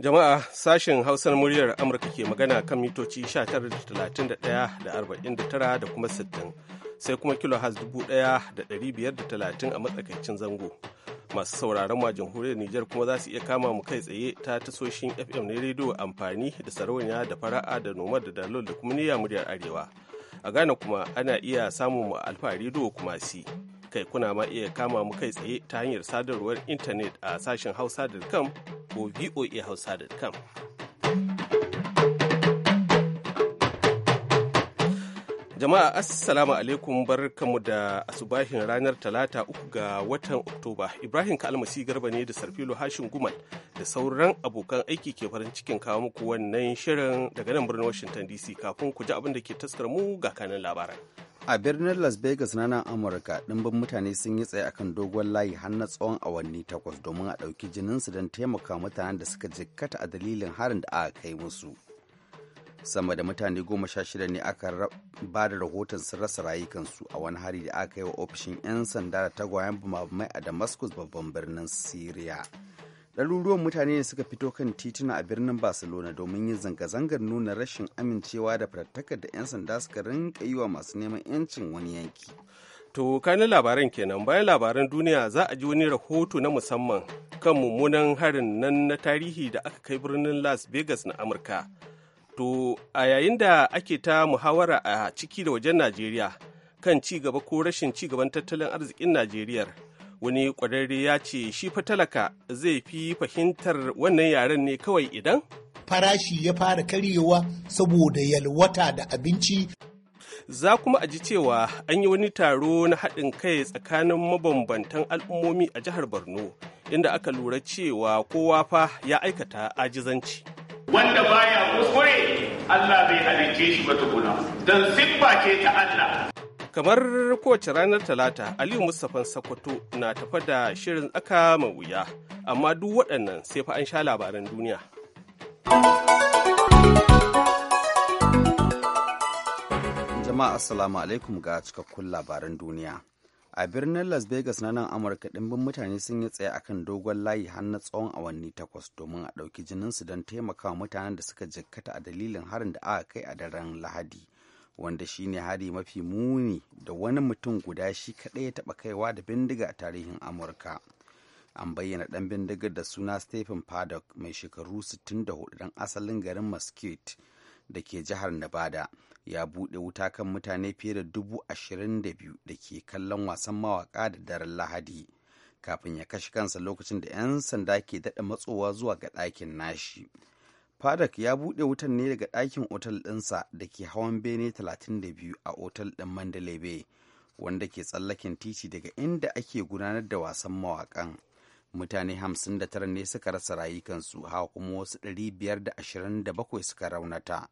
Jama'a sashen Hausar muryar Amurka ke magana kan mitoci 19.31 da da kuma 60 sai kuma kilohaz 1,530 a matsakaicin zango. Masu sauraron ma jamhuriyar Nijar kuma za su iya kama mu kai tsaye ta tasoshin FM na rediyo amfani da sarauniya da fara'a da noma da dalol da kuma niyya muryar Arewa. A Ghana kuma ana iya samun mu alfa rediyo kuma si. Kai kuna ma iya kama mu kai tsaye ta hanyar sadarwar intanet a sashen hausa.com ko voahausa.com. Jama'a Assalamu alaikum barkamu da asubahin ranar Talata uku ga watan Oktoba. Ibrahim Kalmasi Garba ne da Sarfilo Hashin Gumal da sauran abokan aiki ke farin cikin kawo muku wannan shirin daga nan birnin Washington DC kafin ku ji abin da ke taskar mu ga kanin labaran. A birnin Las Vegas na nan Amurka, ɗimbin mutane sun yi tsaye akan dogon layi har na tsawon awanni takwas domin a ɗauki jininsu don taimaka mutanen da suka jikkata a dalilin harin da aka kai musu. sama da mutane goma sha shida ne aka ba da rahoton sun rasa rayukansu a wani hari da aka yi wa ofishin 'yan sanda da tagwayen bumabumai a damascus babban birnin syria ɗaruruwan mutane ne suka fito kan tituna a birnin barcelona domin yin zanga-zangar nuna rashin amincewa da fatattakar da 'yan sanda suka rinka yi wa masu neman 'yancin wani yanki To kanin labaran kenan bayan labaran duniya za a ji wani rahoto na musamman kan mummunan harin nan na tarihi da aka kai birnin Las Vegas na Amurka To a yayin da ake ta muhawara a ciki da wajen Najeriya kan ci gaba ko rashin ci gaban tattalin arzikin Najeriya wani kwararre ya ce shi fa talaka zai fi fahimtar wannan yaren ne kawai idan farashi ya fara karyewa saboda yalwata da abinci za kuma a ji cewa an yi wani taro na haɗin kai tsakanin mabambantan al'ummomi a jihar borno inda aka lura cewa kowa fa ya aikata ajizanci. wanda baya kuskure Allah bai halicce shi ba tukuna don siffa ce ta Allah kamar kowace ranar talata aliyu mustapha sakwato na tafa da shirin tsaka mai wuya amma duk waɗannan sai fa an sha labaran duniya jama'a assalamu alaikum ga cikakkun labaran duniya a birnin las vegas na nan amurka ɗimbin mutane sun yi tsaye kan dogon layi har tsawon awanni takwas domin a ɗauki jinin su don taimakawa mutanen da suka jikkata a dalilin harin da aka kai a daren lahadi wanda shine hari mafi muni da wani mutum guda shi kaɗai ya taɓa kaiwa da bindiga a tarihin amurka an bayyana ɗan bindigar da suna stephen paddock mai shekaru 64 ɗan asalin garin muscat da ke jihar nevada ya buɗe wuta kan mutane fiye da dubu ashirin da biyu ke kallon wasan mawaƙa da daren lahadi kafin ya kashe kansa lokacin da 'yan sanda ke daɗa matsowa zuwa ga ɗakin nashi Fadak ya buɗe wutan ne daga ɗakin otal ɗinsa da ke hawan bene 32 a otal ɗin Mandalay Bay, wanda ke tsallaken titi daga inda ake gudanar da wasan mawaƙan. Mutane 59 ne suka rasa rayukansu, hawa kuma wasu 527 suka raunata.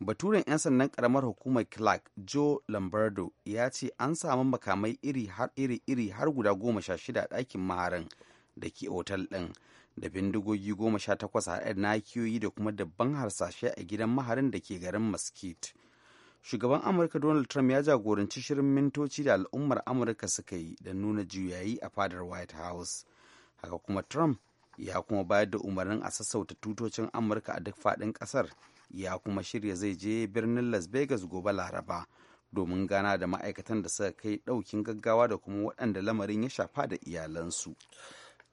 baturen 'yan sandan karamar hukumar clark joe lambardo ya ce an samu makamai iri-iri har guda goma sha shida a ɗakin maharin da ke otal ɗin da bindigogi goma sha takwas haɗe na kiyoyi da kuma dabban harsashe a gidan maharin da ke garin mesquite shugaban amurka donald trump ya jagoranci shirin mintoci da al'ummar amurka suka yi da nuna juyayi a fadar white house haka kuma trump ya kuma bayar da umarnin a sassauta tutocin amurka a duk faɗin ƙasar ya kuma shirya zai je birnin las vegas gobe laraba domin gana da ma'aikatan da suka kai ɗaukin gaggawa da kuma waɗanda lamarin ya shafa da iyalansu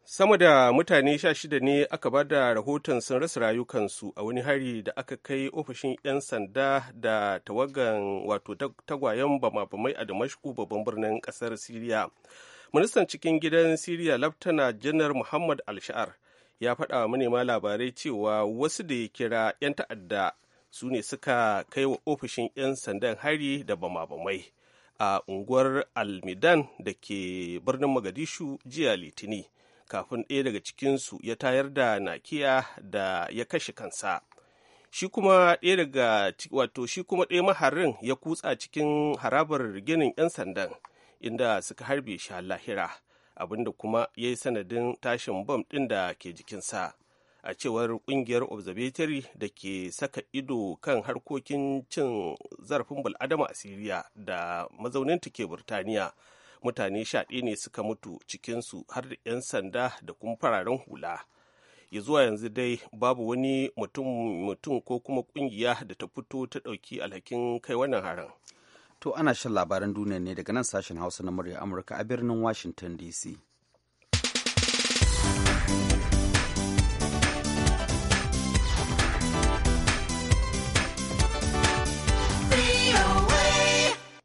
sama da mutane sha shida ne aka ba da rahoton sun rasa rayukansu a wani hari da aka kai ofishin 'yan sanda da tawagan wato tagwayen bama-bamai a damashku babban birnin kasar siriya ministan cikin gidan siriya laftana janar muhammad alsha'ar ya faɗa wa manema labarai cewa wasu da ya kira 'yan ta'adda su ne suka kai wa ofishin 'yan sandan hari da bama-bamai a unguwar almidan da ke birnin magadishu jiya litini kafin ɗaya daga cikinsu ya tayar da nakiya da ya kashe kansa shi kuma ɗaya daga wato shi kuma ɗaya maharin ya kutsa cikin harabar ginin 'yan sandan inda suka harbe shi lahira abinda kuma ya yi sanadin tashin bom ɗin da ke jikinsa a cewar ƙungiyar observatory da ke saka ido kan harkokin cin zarafin bul'adama a siriya da mazauninta ke burtaniya mutane sha ne suka mutu cikinsu har da 'yan sanda da kuma fararen hula ya zuwa yanzu dai babu wani mutum ko kuma kungiya da ta fito ta ɗauki alhakin kai wannan harin To ana shan labaran duniya ne daga nan sashen Hausa na murya Amurka a birnin Washington DC.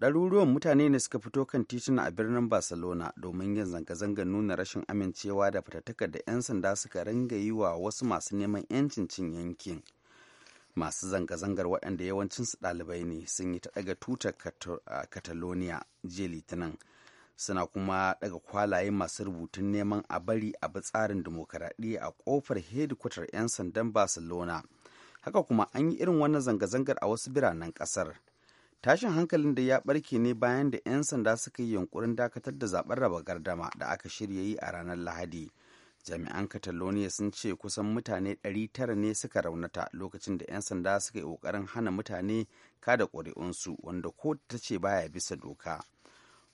ɗaruruwan mutane ne suka fito kan tituna a birnin barcelona domin yin zanga-zangar nuna rashin amincewa da fatattakar da 'yan sanda suka ringa yi wa wasu masu neman 'yancin cin yankin masu zanga-zangar waɗanda yawancinsu ɗalibai ne sun yi ta ɗaga tutar catalonia jiya litinin suna kuma ɗaga kwalaye masu rubutun neman a bari a bi tsarin dimokuraɗiyya a ƙofar hedikwatar 'yan sandan barcelona haka kuma an yi irin wannan zanga-zangar a wasu biranen ƙasar tashin hankalin da ya ɓarke ne bayan da 'yan sanda suka yi yunkurin dakatar da zaben raba gardama da aka shirya yi a ranar lahadi jami'an catalonia sun ce kusan mutane 900 ne suka raunata lokacin da 'yan sanda suka yi kokarin hana mutane kada ƙuri'unsu wanda kotu ta ce baya bisa doka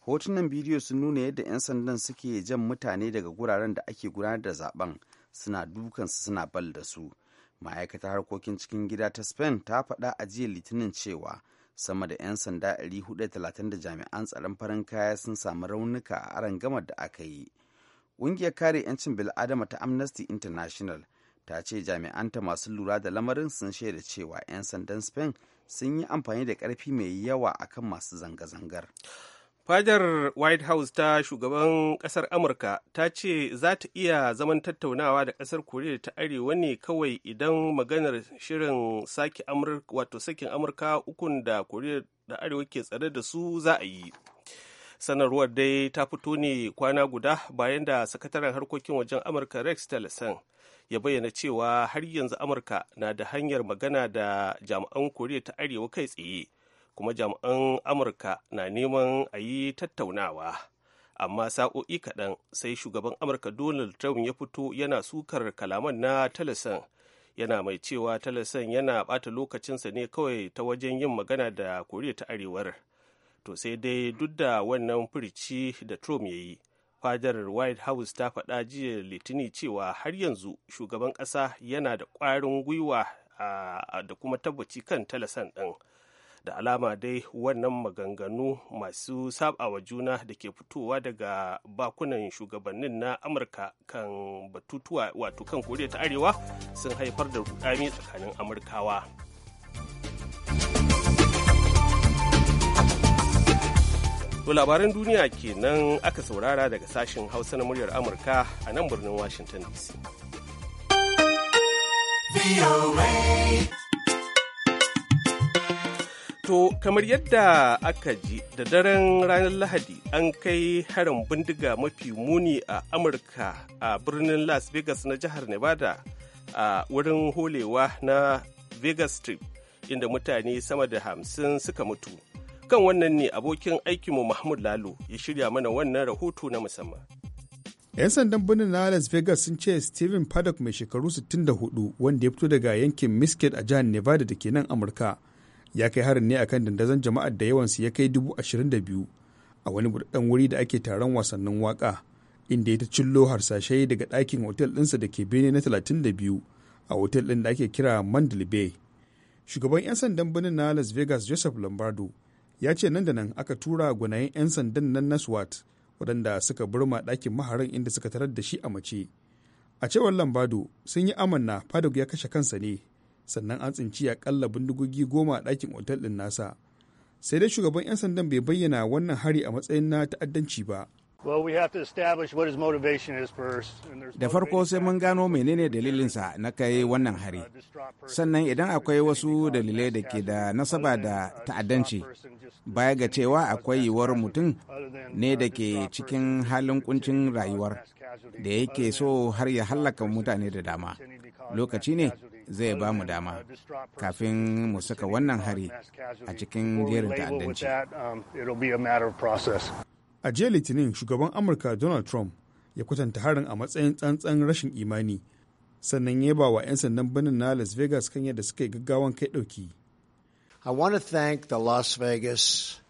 hotunan bidiyo sun nuna yadda 'yan sandan suke jan mutane daga guraren da ake gudanar da zaben suna dukansu suna bal da su ma'aikatar harkokin cikin gida ta spain ta faɗa a jiya litinin cewa sama da 'yan sanda 430 da jami'an tsaron farin kaya sun samu raunuka a aron gamar da aka yi ƙungiyar kare 'yancin bil'adama ta amnesty international ta ce jami'anta masu lura da lamarin sun shaida cewa 'yan sandan spain sun yi amfani da ƙarfi mai yawa akan masu zanga-zangar fadar white house ta shugaban kasar amurka ta ce za ta iya zaman tattaunawa da kasar koriya ta arewa ne kawai idan maganar shirin sakin amurka ukun da koriya da arewa ke tsare da su za a yi sanarwar dai ta fito ne kwana guda bayan da sakataren harkokin wajen amurka rex tillerson ya bayyana cewa har yanzu amurka na da hanyar magana da jami'an koriya ta arewa kai tsaye kuma jami'an amurka na neman a yi tattaunawa amma sa'o'i kaɗan sai shugaban amurka donald trump ya fito yana sukar kalaman na tillerson yana mai cewa tillerson yana ɓata lokacinsa ne kawai ta wajen yin magana da koriya ta arewar to sai dai duk da wannan furici da trump ya yi fadar white house ta faɗa jiya litini cewa har yanzu shugaban ƙasa yana da ƙwarin gwiwa da kuma tabbaci kan talasan ɗin da alama dai wannan maganganu masu sabawa juna da ke fitowa daga bakunan shugabannin na amurka kan batutuwa wato kan koriya ta arewa sun haifar da rudani tsakanin amurkawa To labaran duniya kenan aka saurara daga sashen Hausa na muryar Amurka a nan birnin Washington DC. To kamar yadda aka ji da daren ranar Lahadi an kai harin bindiga mafi muni a Amurka a birnin Las Vegas na jihar Nevada a wurin holewa na Vegas Strip inda mutane sama da hamsin suka mutu. kan wannan ne abokin aikinmu mahmud lalo ya shirya mana wannan rahoto na musamman 'yan sandan birnin na las vegas sun ce steven paddock mai shekaru 64 wanda ya fito daga yankin Miskit a jihar nevada da ke nan amurka ya kai harin ne akan dandazon jama'ar da yawansu ya kai 22,000 a wani buɗaɗɗen wuri da ake taron wasannin waka inda ya ta cillo harsashai daga ɗakin otel ɗinsa da ke bene na 32 a otel ɗin da ake kira mandalay bay shugaban 'yan sandan birnin na las vegas joseph lombardo ya ce nan da nan aka tura gwanayen 'yan sandan nan na swat waɗanda suka burma ɗakin maharin inda suka tarar da shi a mace a cewar lambado sun yi amanna fadog ya kashe kansa ne sannan an tsinci ƙalla bindigogi goma a ɗakin otal ɗin nasa sai dai shugaban 'yan sandan bai bayyana wannan hari a matsayin na ta'addanci ba Da farko sai mun gano menene dalilinsa na kai wannan hari. Uh, Sannan idan akwai wasu dalilai da ke da nasaba da uh, ta'addanci, baya ga cewa akwai yiwuwar mutum ne uh, da ke cikin halin kuncin rayuwar da yake so har ya hallaka mutane da dama. Lokaci ne zai ba mu dama kafin mu saka wannan hari a cikin jerin ta'addanci. Um, a jiya litinin shugaban amurka donald trump ya kwatanta harin a matsayin tsantsan rashin imani sannan ya ba wa 'yan sandan birnin na las vegas kan yadda suka yi gaggawan kai dauki. i want to thank the las vegas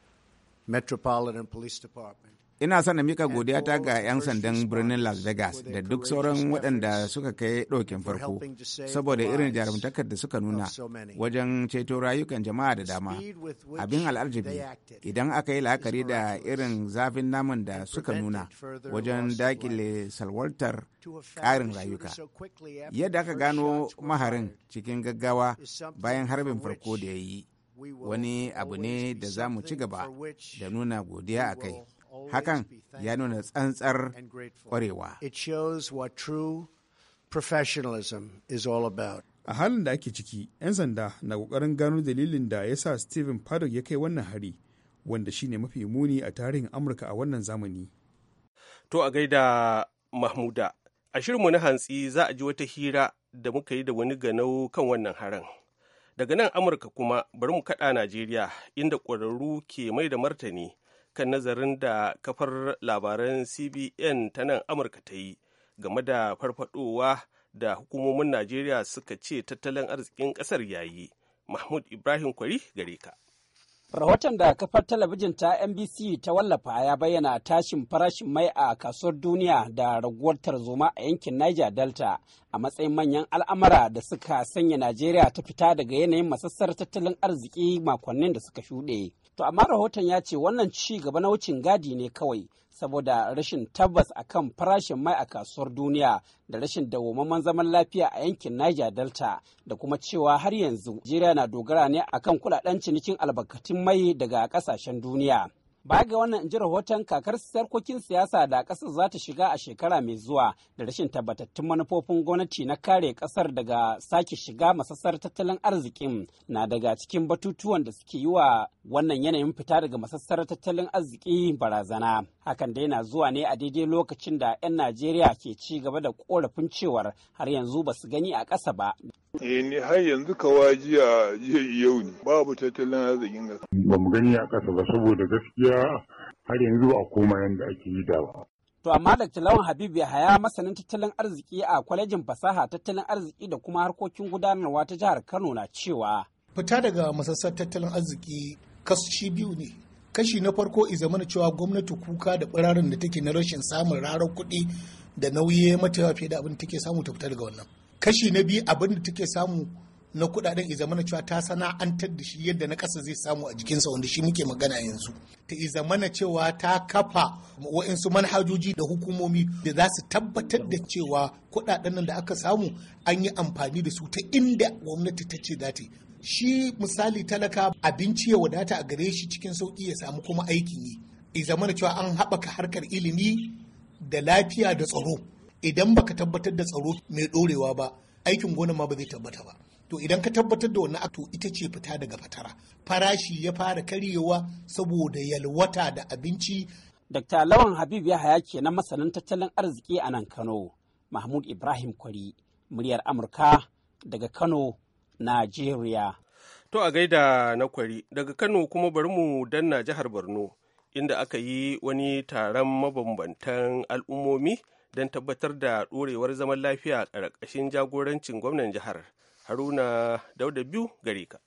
metropolitan police department ina sana mika mika godiyata ga 'yan sandan birnin las vegas da duk sauran waɗanda suka kai ɗaukin farko saboda irin jarumtakar da suka nuna wajen ceto rayukan jama'a da dama abin al'arjibi idan aka yi la'akari da irin zafin naman da suka nuna wajen dakile salwartar ƙarin rayuka yadda aka gano maharin cikin gaggawa bayan harbin farko da ya yi wani abu ne da za mu ci gaba da nuna godiya a kai Hakan ya nuna tsantsar ƙwarewa. A halin da ake ciki, 'yan sanda na ƙoƙarin gano dalilin da ya sa Stephen Paddock ya kai wannan hari, wanda shi ne mafi muni a tarihin Amurka a wannan zamani. To a gaida Mahmuda, a shirinmu na hantsi za a ji wata hira da muka yi da wani ganau kan wannan harin. Daga nan Amurka kuma bari mu kaɗa Najeriya inda ƙwararru ke mai da martani kan nazarin da kafar labaran cbn ta nan amurka ta yi game da farfadowa da hukumomin najeriya suka ce tattalin arzikin kasar yayi mahmud ibrahim kwari gare ka rahoton da kafar talabijin ta nbc ta wallafa ya bayyana tashin farashin mai a kasuwar duniya da raguwar tarzoma a yankin niger delta a matsayin manyan al'amara da suka sanya najeriya ta fita daga yanayin masassar tattalin arziki makonnin da suka shuɗe To amma rahoton ya ce wannan ci gaba na wucin gadi ne kawai saboda rashin tabbas akan farashin mai a kasuwar duniya da rashin dawomaman zaman lafiya a yankin Niger Delta da kuma cewa har yanzu Najeriya na dogara ne akan kudaden cinikin albarkatun mai daga kasashen duniya. Baya ga wannan in ji rahoton kakar sarkokin siyasa da ƙasar za ta shiga a shekara mai zuwa da rashin tabbatattun manufofin gwamnati na kare ƙasar daga sake shiga masassar tattalin arzikin na daga cikin batutuwan da suke yi wa wannan yanayin fita daga masassar tattalin arziki barazana. Hakan dai na zuwa ne a daidai lokacin da 'yan Najeriya ke ci gaba da korafin cewar har yanzu ba su gani a ƙasa ba Eh ni har yanzu kawa jiya jiya yau ne babu tattalin arzikin ƙasa. Ba mu gani a ƙasa ba saboda gaskiya har yanzu a koma yadda ake yi da ba. To amma da Lawan Habibu Yahaya masanin tattalin arziki a kwalejin fasaha tattalin arziki da kuma harkokin gudanarwa ta jihar Kano na cewa. Fita daga masassar tattalin arziki kashi biyu ne. Kashi na farko izamana cewa gwamnati kuka da birarin da take na rashin samun rarar kuɗi da nauyi mata fiye da abin take samu ta fita daga wannan. kashi na biyu abin da take samu na kudaden i zamana cewa ta sana'antar da shi yadda na kasa zai samu a jikinsa wanda shi muke magana yanzu ta i zamana cewa ta kafa wa'insu manhajoji da hukumomi da za su tabbatar da cewa kudaden nan da aka samu an yi amfani da su ta inda gwamnati ta ce za shi misali talaka abinci ya wadata a gare shi cikin sauki ya samu kuma aikin yi i zamana cewa an haɓaka harkar ilimi da lafiya da tsaro idan baka tabbatar da tsaro mai ɗorewa ba aikin gona ma ba zai tabbata ba to idan ka tabbatar da wannan to ita ce fita daga fatara farashi ya fara karyewa saboda yalwata da abinci Dr. Lawan Habib Yahaya kenan masanin tattalin arziki a nan Kano, Mahmud Ibrahim Kwari, muryar Amurka daga Kano, Najeriya. To a gaida na Kwari, daga Kano kuma bari mu danna jihar Borno, inda aka yi wani taron mabambantan al'ummomi don tabbatar da ɗorewar zaman lafiya a ƙarƙashin jagorancin gwamnan jihar haruna dauda biyu gare ka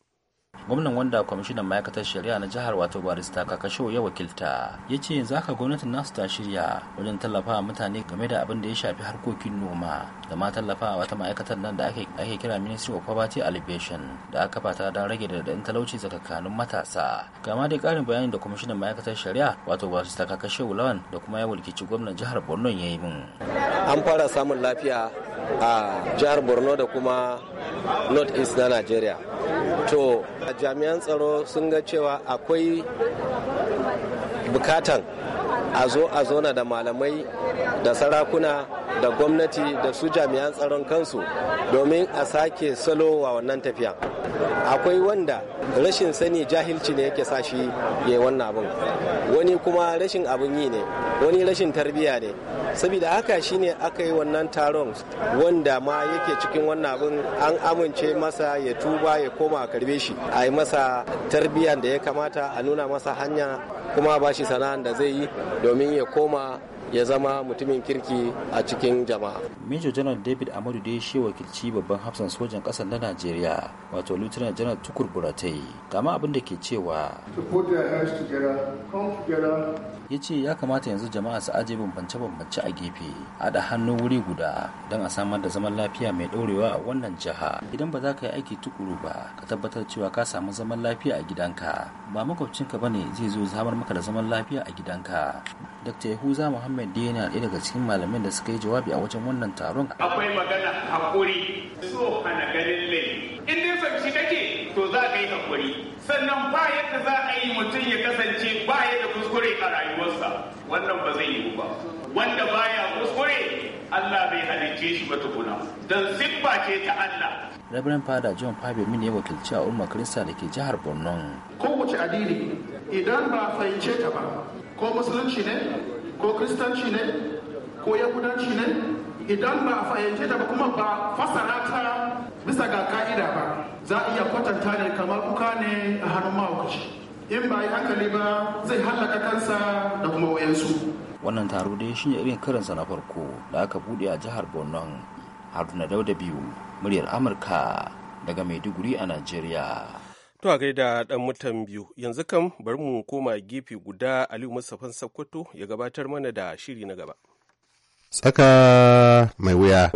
gwamnan wanda kwamishinan ma'aikatar shari'a na jihar wato barista kakasho ya wakilta ya ce yanzu haka gwamnatin nasu ta shirya wajen tallafa mutane game da abin da ya shafi harkokin noma da ma tallafa wata ma'aikatar nan da ake kira ministry of poverty alleviation da aka fata don rage da talauci tsakanin matasa kama da karin bayani da kwamishinan ma'aikatar shari'a wato barista kakasho lawan da kuma ya walkici gwamnan jihar borno ya yi min an fara samun lafiya a jihar borno da kuma north east na nigeria to jami'an tsaro sun ga cewa akwai bukatan a zo a zona da malamai da sarakuna da gwamnati da su jami'an tsaron kansu domin a sake salo wa wannan tafiya akwai wanda rashin sani jahilci ne yake sa shi ya yi wannan abin wani kuma rashin abin yi ne wani rashin tarbiyya ne saboda haka shine aka yi wannan taron wanda ma yake cikin wannan abin an amince masa ya tuba ya koma a karbe shi a yi masa tarbiyyar da ya kamata a nuna masa hanya kuma ba shi sana'an da zai yi domin ya koma ya zama mutumin kirki a cikin jama'a. Major General David Amadu dai ya shi wakilci babban hafsan sojan ƙasa na Najeriya wato Lieutenant General Tukur Buratai kama abin da ke cewa. Ya ce ya kamata yanzu jama'a su aje bambance-bambance a gefe a da hannu wuri guda don a samar da zaman lafiya mai ɗorewa a wannan jiha. Idan ba za ka yi aiki tukuru ba ka tabbatar cewa ka samu zaman lafiya a gidanka ba makwabcinka ba ne zai zo samar maka da zaman lafiya a gidanka. Dr. Yahuza Muhammad Muhammad dai ɗaya daga cikin malamin da suka yi jawabi a wajen wannan taron. Akwai magana hakuri so ana ganin laifi. In dai sauci kake to za ka yi hakuri. Sannan ba yadda za a yi mutum ya kasance ba ya da kuskure a rayuwarsa. Wannan ba zai yiwu ba. Wanda baya kuskure Allah bai halicce shi ba tukuna. Dan siffa ce ta Allah. Reverend Fada John Fabi Mini ya wakilci a umma Kirista da ke jihar Borno. Kowace addini idan ba fahimce ta ba ko musulunci ne ko kristanci ne ko yahudanci ne idan ba a fahimce ta ba kuma ba fasara ta bisa ga ka'ida ba za a iya kwatanta ne kamar kuka ne a hannun mahaukaci in ba yi hankali ba zai hallaka kansa da kuma wayansu wannan taro dai shi ne irin karinsa na farko da aka bude a jihar borno haruna dauda biyu muryar amurka daga maiduguri a nigeria. To a gaida ɗan mutan biyu yanzu kan bari mu koma gefe guda Aliyu Mustapha Sakkwato ya gabatar mana da shiri na gaba. Tsaka mai wuya.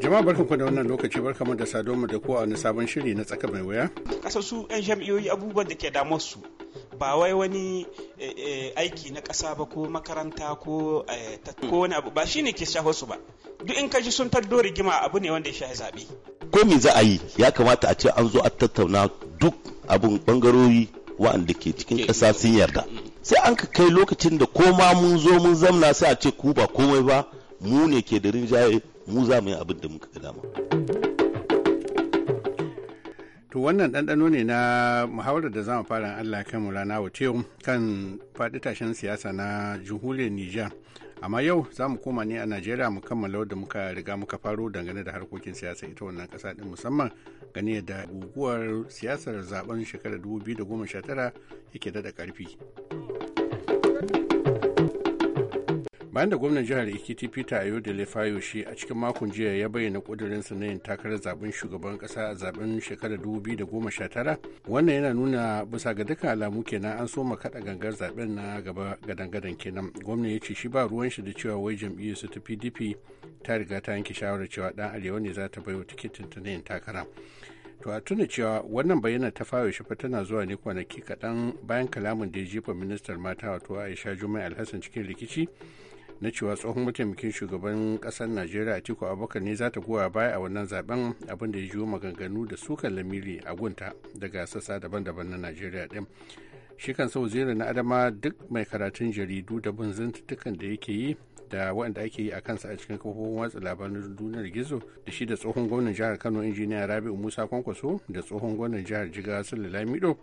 Jama'a barkanku da wannan lokaci mu da mu da kowa wani sabon shiri na tsaka mai wuya. Kasar su 'yan jam'iyyoyi abubuwan da ke damuwar su ba wai wani eh, eh, aiki na ƙasa ba ko makaranta ko eh, wani abu ba shine ke shafo su ba duk in kaji sun taddo rigima abu ne wanda ya shahi zaɓe. ko me za a yi ya kamata a ce an zo a tattauna duk abun bangarori wa'anda ke cikin ƙasa sun yarda sai an ka kai lokacin da koma mun zo mun zamna sai a ce ku ba komai ba mu ne ke da rinjaye mu za mu yi abin da muka ga dama. wannan ɗanɗano ne na muhawarar da za mu fara Allah kan Mulana Wateo kan faɗi tashin siyasa na jihuliyar Nijar. Amma yau za mu koma ne a Najeriya mu kammala da muka riga muka faro dangane da harkokin siyasa ita wannan ƙasa ɗin musamman gane da guguwar siyasar zaben shekarar 2019 yake daɗa ƙarfi. bayan da gwamnan jihar ikiti peter da lefayoshi a cikin makon jiya ya bayyana kudurinsa na yin takarar zaben shugaban kasa a zaben shekarar tara wannan yana nuna bisa ga duka alamu kenan an soma kada gangar zaben na gaba gadan kenan gwamnan ya ce shi ba ruwan shi da cewa wai jam'iyyar su ta pdp ta riga ta yanke shawarar cewa dan arewa ne za ta baiwa tikitin ta na yin takara to a tuna cewa wannan bayyana ta fara fa tana zuwa ne kwanaki kaɗan bayan kalamin da ya jefa ministar mata wato aisha juma'a alhassan cikin rikici na cewa tsohon mataimakin shugaban kasar najeriya atiku abubakar ne za ta goya baya a wannan zaben abin da ya jiwo maganganu da sukan lamiri a gunta daga sassa daban-daban na najeriya din shi kan sau zira na adama duk mai karatun jaridu da bin da yake yi da waɗanda ake yi a kansa a cikin kafofin watsa labarin duniyar gizo da shi da tsohon gwamnan jihar kano injiniya rabi'u musa kwankwaso da tsohon gwamnan jihar jigawa sule lamido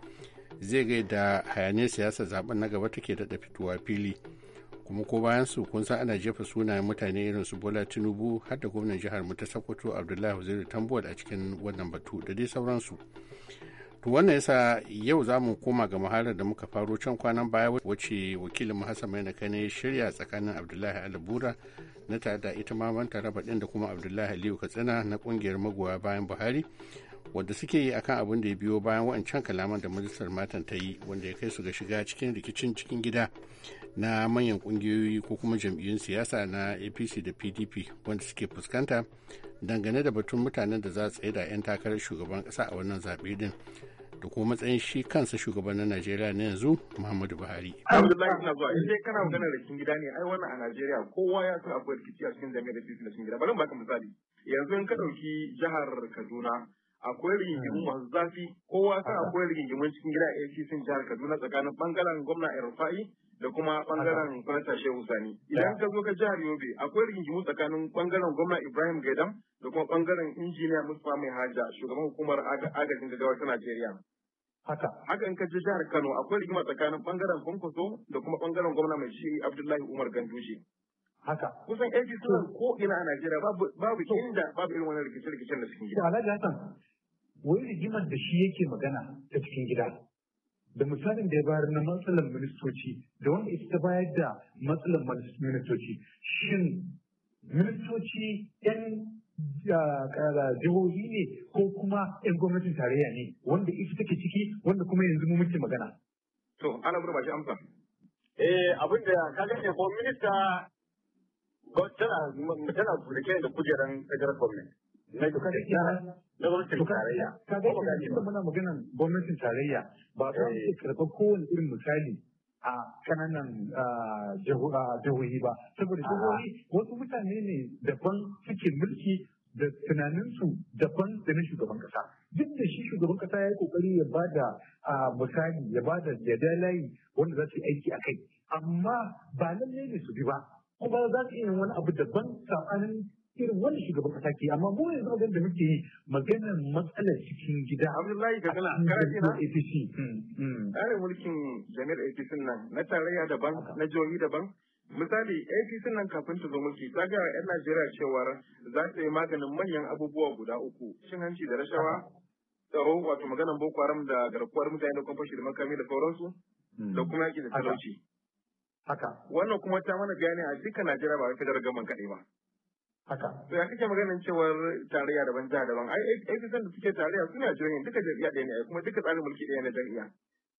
zai gaida hayaniyar siyasar zaben na gaba take da fitowa fili kuma ko bayan su kun san ana jefa sunayen mutane irin su bola tinubu har da gwamnan jihar mu ta sokoto abdullahi huzairu tambuwal a cikin wannan batu da dai sauransu to wannan yasa yau za mu koma ga muhalar da muka faro can kwanan baya wace wakilin mu hassan mai ne shirya tsakanin abdullahi alabura na tare da ita ma manta raba din da kuma abdullahi aliyu katsina na kungiyar magoya bayan buhari wadda suke yi akan abin da ya biyo bayan wa'ancan kalaman da majalisar matan ta yi wanda ya kai su ga shiga cikin rikicin cikin gida na manyan kungiyoyi ko kuma jam'iyyun siyasa na apc da pdp wanda suke fuskanta dangane da batun mutanen da za su tsaye da 'yan takarar shugaban kasa a wannan zaɓe din da kuma matsayin shi kansa shugaban na najeriya na yanzu muhammadu buhari kana gida ne wannan a kowa ya san akwai rikici a cikin da cikin gida misali yanzu in ka ɗauki jihar kaduna akwai rigingimu masu zafi kowa sai akwai rigingimu cikin gida a cikin jihar Kaduna tsakanin bangaren gwamna Erfa'i da kuma bangaren Farta Shehu Sani. Idan ka zo ka jihar Yobe akwai rigingimu tsakanin bangaren gwamna Ibrahim Gaidam da kuma bangaren injiniya Mustapha Mai Haja shugaban hukumar agajin gaggawar ta Najeriya. Haka. Haka in ka je jihar Kano akwai rigima tsakanin bangaren Kwankwaso da kuma bangaren gwamna mai shi Abdullahi Umar Ganduje. haka kusan aiki suna ko ina a Najeriya babu babu inda babu irin wani rikice-rikicen da suke yi. wai rigimar da shi yake magana ta cikin gida da misalin da ya bayar na matsalar ministoci da wanda ita bayar da matsalar ministoci shin ministoci 'yan jihohi ne ko kuma 'yan gwamnatin tarayya ne wanda ita take ciki wanda kuma yanzu mu muke magana. To, ana gudu ba shi amsa. Eh, abin da ka gane ko minista tana tana da kujeran federal gwamnati na tukar gyara gwamnatin tarayya ka ga ba muna maganan gwamnatin tarayya ba ta ce eh. karɓar kowane irin misali a kananan jihohi ba saboda jihohi wasu mutane ne daban suke mulki da tunaninsu daban da na shugaban kasa duk da shi shugaban kasa ya yi kokari ya ba da misali ya ba da layi wanda za su yi aiki a kai amma ba lallai ne su bi ba kuma za su iya wani abu daban tsakanin irin wani shugaban kasa ke amma mu yanzu abin da muke maganar matsalar cikin gida Abdullahi Gagala na APC tsarin mulkin jami'ar APC nan na tarayya daban na jihohi daban misali APC nan kafin ta zo mulki ta ga yan Najeriya cewar za ta yi maganin manyan abubuwa guda uku cin hanci da rashawa tsaro wato maganan Boko Haram da garkuwar mutane da kwamfashi da makami da sauransu hmm. da kuma yaƙi da talauci. Haka. Wannan kuma ta mana bayani a duka Najeriya ba wai ta gargaman kaɗai ba. haka to ya kake maganar cewar tarayya daban jiha daban ai ai da suke tarayya suna jirgin duka jam'iyya ɗaya ne ai kuma duka tsarin mulki ɗaya na jam'iyya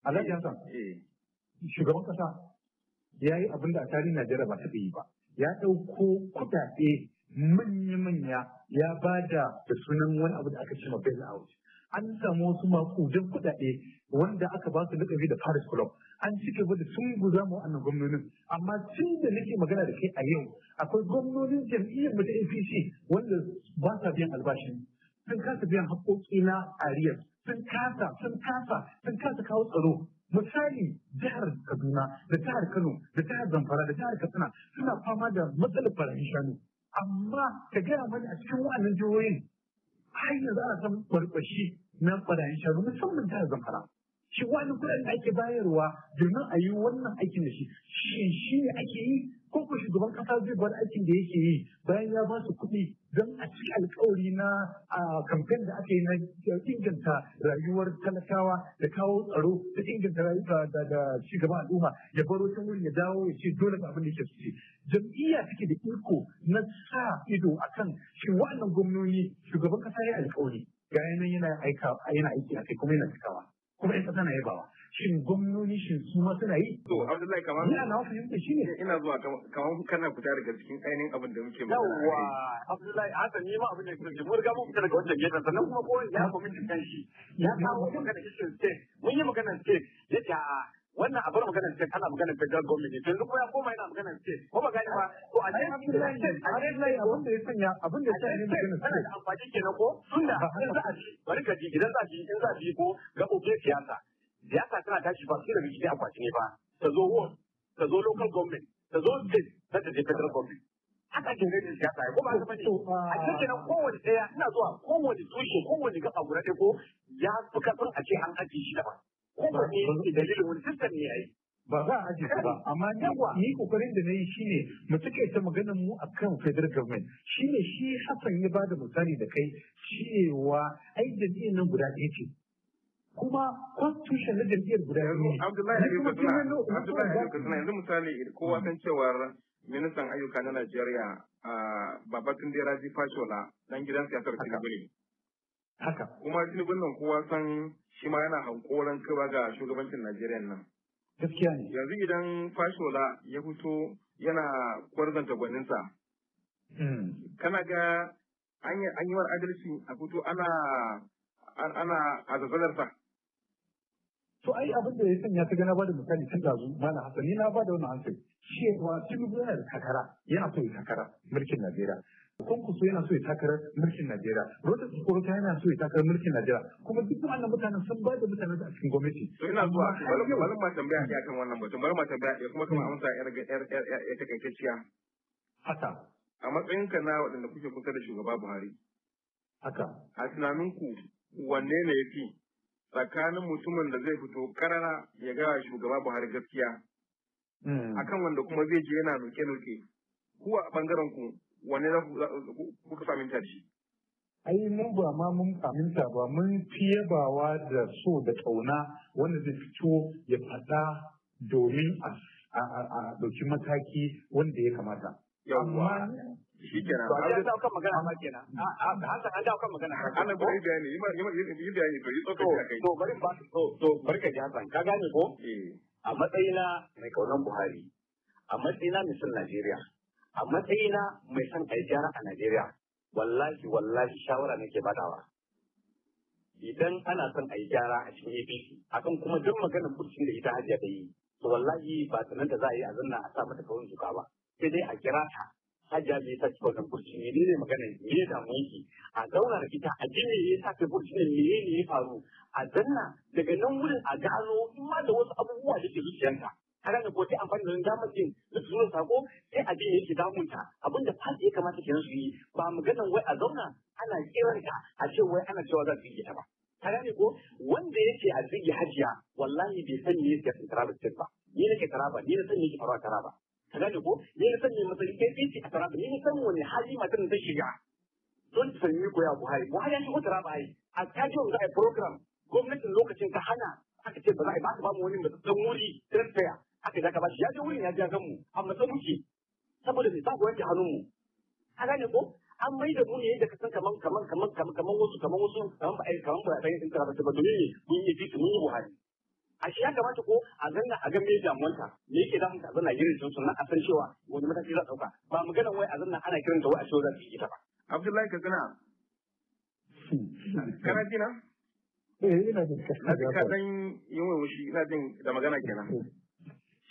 alhaji hasan eh. shugaban kasa ya yi abin da a tarihin najeriya ba taɓa yi ba ya ɗauko kuɗaɗe manya-manya ya ba da sunan wani abu da aka ce ma bail an samu wasu makudan kuɗaɗe wanda aka ba su lakabi da paris club an cika gaba sun guza mu wannan gwamnonin amma tun da nake magana da kai a yau akwai gwamnonin jam'iyyar mu ta APC wanda ba sa biyan albashin sun kasa biyan haƙƙoƙi na ariyar sun kasa sun kasa sun kasa kawo tsaro misali jihar Kaduna da jihar Kano da jihar Zamfara da jihar Katsina suna fama da matsalar farashin shanu amma ka gaya mani a cikin wa'annan jihohin har yanzu ana samun barbashi na farashin shanu musamman jihar Zamfara shi wani kuɗin da ake bayarwa domin a yi wannan aikin da shi shi shi ne ake yi ko ko shugaban kasa zai bar aikin da yake yi bayan ya ba su kuɗi don a ci alkawari na kamfen da aka yi na inganta rayuwar talakawa da kawo tsaro da inganta rayuwa da ci gaba al'umma ya baro ta wuri ya dawo ya ce dole ba abin da yake su jam'iyya take da iko na sa ido akan shi wa'annan gwamnoni shugaban kasa ya alkawari ga yana yana aiki a kai kuma yana cikawa kuma ita tana yabawa shin gwamnoni shin su ma suna yi to abdullahi kamar ina na fahimta shi ne ina zuwa kamar kana fita daga cikin ainihin abin da muke magana yawa abdullahi haka ni ma abin da kuke mun riga mun fita daga wannan gefe sannan kuma ko ya kuma mun kan shi ya kawo magana shi state mun yi magana state ya ta wannan abar maganar state ana maganar federal government yanzu ko ya koma yana maganar state ko ba gani ba ko a ne abin da ya abin da ya sanya abin da ya sanya maganar state da amfani kenan ko tunda in za a ji bari ka ji idan za a ji in za a ji ko ga oke siyasa siyasa tana tashi ba sai daga gidi akwati ne ba ta zo ward ta zo local government ta zo state ta ta je federal government haka ke rage siyasa ko ba zama bace ah. a cikin nan kowane ɗaya ina zuwa kowane tushe kowane gaba guda ɗaya ko ya fi karfin a ce an ajiye shi daban ko ba ne dalilin wani sistem ne ai ba za a ajiye ba amma ni kokarin da na yi shine mu take ta maganar mu akan federal government shine shi Hassan ya bada misali da kai cewa ai jami'in nan guda ɗaya ce kuma constitution na jam'iyyar guda ɗaya Abdullahi Abdullahi yanzu misali kowa san cewar ministan ayyuka na Najeriya ah, Babatunde Raji Fashola dan gidan siyasar Tinubu ne haka kuma tinubun nan kowa san shi ma yana hankoran kiba ga shugabancin najeriya nan gaskiya ne yanzu idan fashola ya fito yana kwarzanta gwaninsa hmm. kana ga an yi adalci a fito ana ana azazalarsa to ai abin da ya sanya ta gana bada misali tun da mana hasani na bada wani hankali kuma tinubu yana da takara yana so ya takara mulkin najeriya Kwankwaso yana so ya takarar mulkin Najeriya, Rota ta yana so ya takarar mulkin Najeriya, kuma duk wannan mutanen sun ba da mutanen a cikin gwamnati. To ina zuwa, bari ma tambaya ne kan wannan batun, bari ma tambaya ɗaya kuma kuma hmm. amsa yar yar takaitacciya. Haka. A matsayinka na waɗanda kuke kusa da shugaba Buhari. Haka. A tunaninku wanne ne ya fi tsakanin mutumin da zai fito karara ya gaya shugaba Buhari gaskiya. Hmm. Akan wanda kuma zai je yana nuke-nuke. Kuwa a ɓangaren ku Wani za ku faminta da shi ai mun ba ma mun fahimta ba mun fiye bawa da so da ƙauna wanda zai fito ya fada domin a ɗauki mataki wanda ya kamata. Yawwa. Shi kenan. Ba ya magana an magana. ba yi ba to ka gane ko? Eh. A matsayina mai kaunan Buhari, a matsayina misin Najeriya, a matsayina mai son a gyara a Najeriya wallahi wallahi shawara nake badawa idan ana son a yi gyara a cikin APC akan kuma duk maganar kurcin da ita hajiya ta yi to wallahi ba sanan da za a yi a zanna a sa mata kawun zuka ba sai dai a kira ta hajiya me yasa cikin wannan kurcin ne ne magana ne da damu yake a zauna da ita a ji ya sa ta kurcin ne me ne ya faru a zanna daga nan wurin a gano in ma da wasu abubuwa da ke zuciyanta. a ranar ko sai amfani da damar din da su nuna sako sai a da yake damunta abin da fasi ya kamata ke su yi ba maganan wai a zauna ana kiranta a ce wai ana cewa za su yi ta ba. Ka ne ko wanda yake a zigi hajiya wallahi bai san me yake a taraba ba. Ni nake taraba ni na san ne yake faruwa taraba. Ka ne ko ni na san me matsayin kai ce a taraba ni na san wani hali matan ta shiga. Don ta sami ko ya Buhari Buhari ya shigo taraba ai a kajin za a yi program gwamnatin lokacin ta hana aka ce ba za a yi ba su ba mu wani mutum wuri don tsaya aka ja ka bashi ya je wurin ya ja gan mu amma sai muke saboda sai sa wanke hannun mu A gane ko an mai da muni da kasan kaman kaman kaman kaman kaman wasu kaman wasu kaman ba kaman ba sai in karatu ba domin ne mun yi fitu mun yi buhari a shi ya kamata ko a zanna a ga me damuwarta me yake da a zanna girin sun sunan a san cewa wani mataki za a ɗauka ba magana wai a zanna ana kiran ta wai a cewa za ta yi ita ba abdullahi ka gana kana jina eh ina da kasan san yin ina jin da magana kenan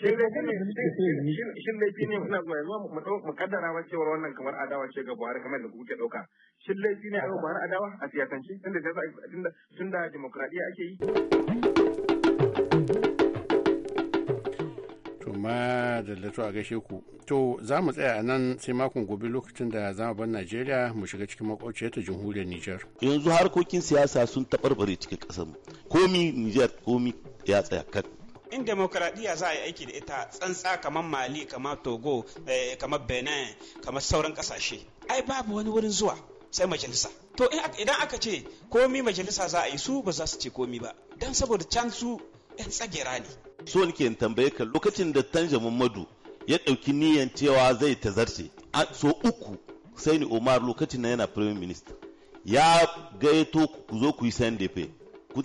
shin laifi ne ina zuwa yanzu mu kaddara wa cewar wannan kamar adawa ce ga Buhari kamar da kuke ɗauka shin laifi ne a ga Buhari adawa a siyasance tunda tunda tunda demokradiya ake yi to ma da lato a gaishe ku to za mu tsaya a nan sai makon gobe lokacin da za mu bar najeriya mu shiga cikin makwauciyar ta jamhuriyar nijar yanzu harkokin siyasa sun tabarbare cikin ƙasar komi niger komi ya tsaya kan. in demokradiyya za a yi aiki da ita tsantsa kamar mali kamar togo eh, kamar benin kamar sauran kasashe ai babu wani wurin zuwa sai majalisa to idan aka ce komi majalisa za a yi su ba za su ce komi ba don saboda can su yan tsagera ne so nake tambaye ka lokacin da tanja muhammadu ya ɗauki niyan cewa zai tazarce a so uku sai ni umar lokacin na yana prime minister ya gayyato ku zo ku yi sandefe kun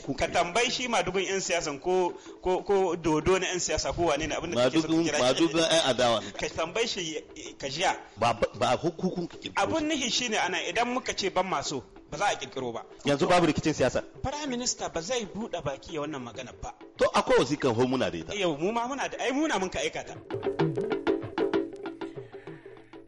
ko ka tambayi shi ma dubin yan siyasan ko ko ko dodo na yan siyasa ko wane ne abin da kike so kira ma dubin adawa ka tambayi shi ka jiya ba ba hukukun abun nahi shine ana idan muka ce ban maso ba za a kirkiro ba. Yanzu babu rikicin siyasa. Prime Minister ba zai buɗe baki ya wannan magana ba. To akwai wasikan ho da ita. Yau mu ma muna da ai muna mun ka aikata.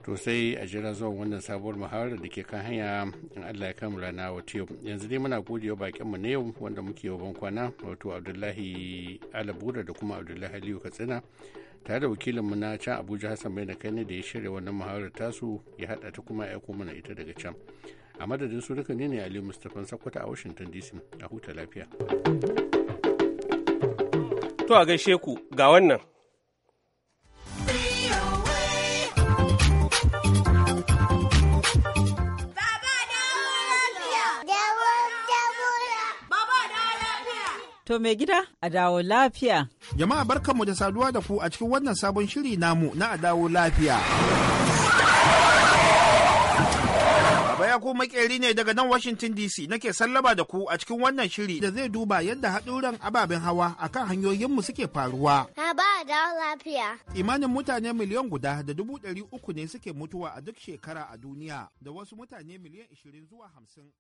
to sai a jira zuwan wannan sabuwar muhawarar da ke kan hanya in allah ya kama rana wata yau yanzu dai muna gode wa mu na yau wanda muke yau ban kwana wato abdullahi alabura da kuma abdullahi aliyu katsina tare da wakilin mu na can abuja hassan mai kai da ya shirya wannan muhawarar tasu ya haɗa ta kuma ya aiko mana ita daga can a madadin su duka ne ne aliyu mustapha Sakkwata a washington dc a huta lafiya to a gaishe ku ga wannan To mai gida a dawo lafiya. Jama'a barkanmu da saduwa da ku a cikin wannan sabon shiri namu na a dawo lafiya. baya ko ku makeri ne daga nan Washington DC nake sallaba da ku a cikin wannan shiri da zai duba yadda haɗuran ababen hawa a akan hanyoyinmu suke faruwa. Na ba da lafiya. Imanin mutane miliyan guda da dubu ɗari uku ne suke mutuwa a duk shekara a duniya da wasu mutane miliyan ishirin zuwa hamsin.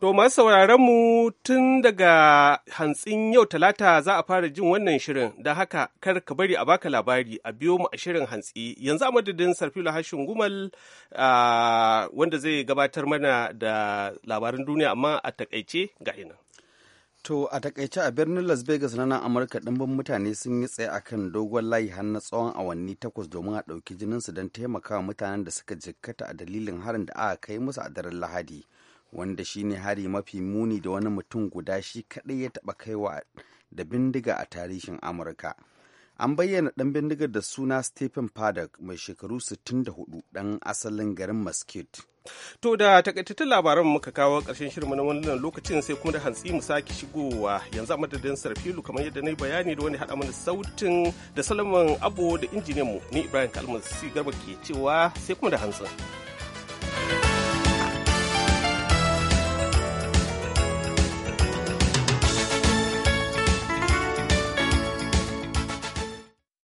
To masu sauraron mu tun daga hantsin yau talata za a fara jin wannan shirin da haka kar ka bari a baka labari a biyo mu a shirin hantsi yanzu a madadin sarfila hashin gumal ah, wanda zai gabata. gabatar mana da labaran duniya amma a takaice ga ina. To a takaice a birnin Las Vegas na nan Amurka ɗimbin mutane sun yi tsaye akan dogon layi har na tsawon awanni takwas domin a ɗauki su don taimakawa mutanen da suka jikkata a dalilin harin da aka kai musu a daren Lahadi. Wanda shi ne hari mafi muni da wani mutum guda shi kaɗai ya taɓa kaiwa da bindiga a tarihin Amurka. an bayyana ɗan bindigar da suna stephen paddock mai shekaru 64 ɗan asalin garin muscat to da takaitattun labaran muka kawo ƙarshen shirin na wannan lokacin sai kuma da hantsi mu sake shigowa yanzu a madadin sarfilu kamar yadda na yi bayani da wani haɗa mana sautin da salaman abu da injiniyan mu ni ibrahim kalmus garba ke cewa sai kuma da hantsi.